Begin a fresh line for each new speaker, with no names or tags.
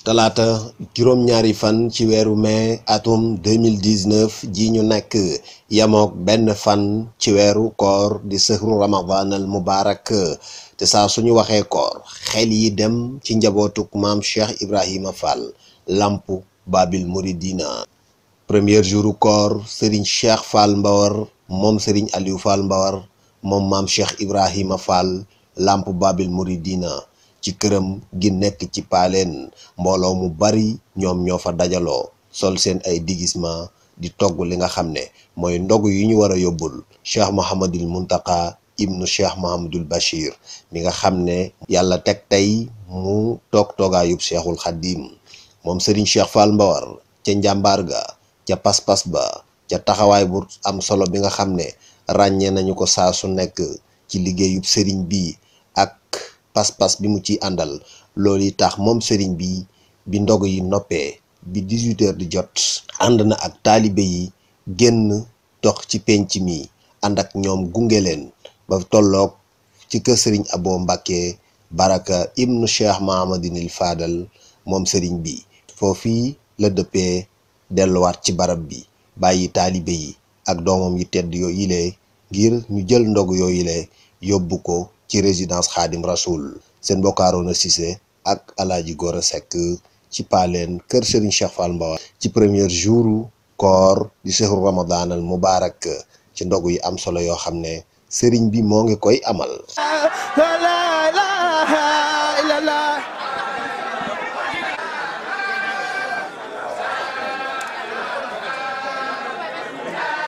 talaata juróom-ñaari fan ci weeru mai atum 2019 ji ñu nekk yamook benn fan ci weeru koor di sëhru ramadan al te saa suñu waxee koor xel yi dem ci njabootuk maam cheikh ibrahima fall lamp babil muridina premier jouru koor sëriñ cheikh fall mbawar moom sëriñ aliou fall mbawar moom maam cheikh ibrahima fall lamp babil muridina ci këram gi nekk ci paaleen mbooloo mu bari ñoom ñoo fa dajaloo sol seen ay digisement di togg li nga xam ne mooy ndog yu ñu war a yóbbul cheikh mohamadul muntaka ibnu cheikh mohamadul bachir mi nga xam ne yàlla teg tey mu toog toogaayub cheikhul xaddim moom sëriñ cheikh fall ca njàmbaar ga ca pas-pas ba ca taxawaay bu am solo bi nga xam ne ràññee nañu ko saa su nekk ci liggéeyub sëriñ bi ak pas-pas bi mu ci àndal loolu yi tax moom sëriñ bi bi ndog yi noppee bi 18 heures di jot ànd na ak taalibe yi génn tox ci penc mi ànd ak ñoom gunge leen ba tolloog ci kër sëriñ Abo Mbàkke baraka ibnu Cheikh Mahamadinil Faadal moom sëriñ bi foofii la dëppee delluwaat ci barab bi bàyyi taalibe yi ak doomam yi tedd yooyu le ngir ñu jël ndog yooyu le yóbbu ko ci résidence Khadim Rasoul seen mbokk Arouna Cissé ak Alaaji Gora Seck ci Paleen kër Serigne Cheikh Fall Mbaw ci premier jour koor di sehru Ramadan al Mubarak ci ndogu yi am solo yoo xam ne Serigne bi moo ngi koy amal ah,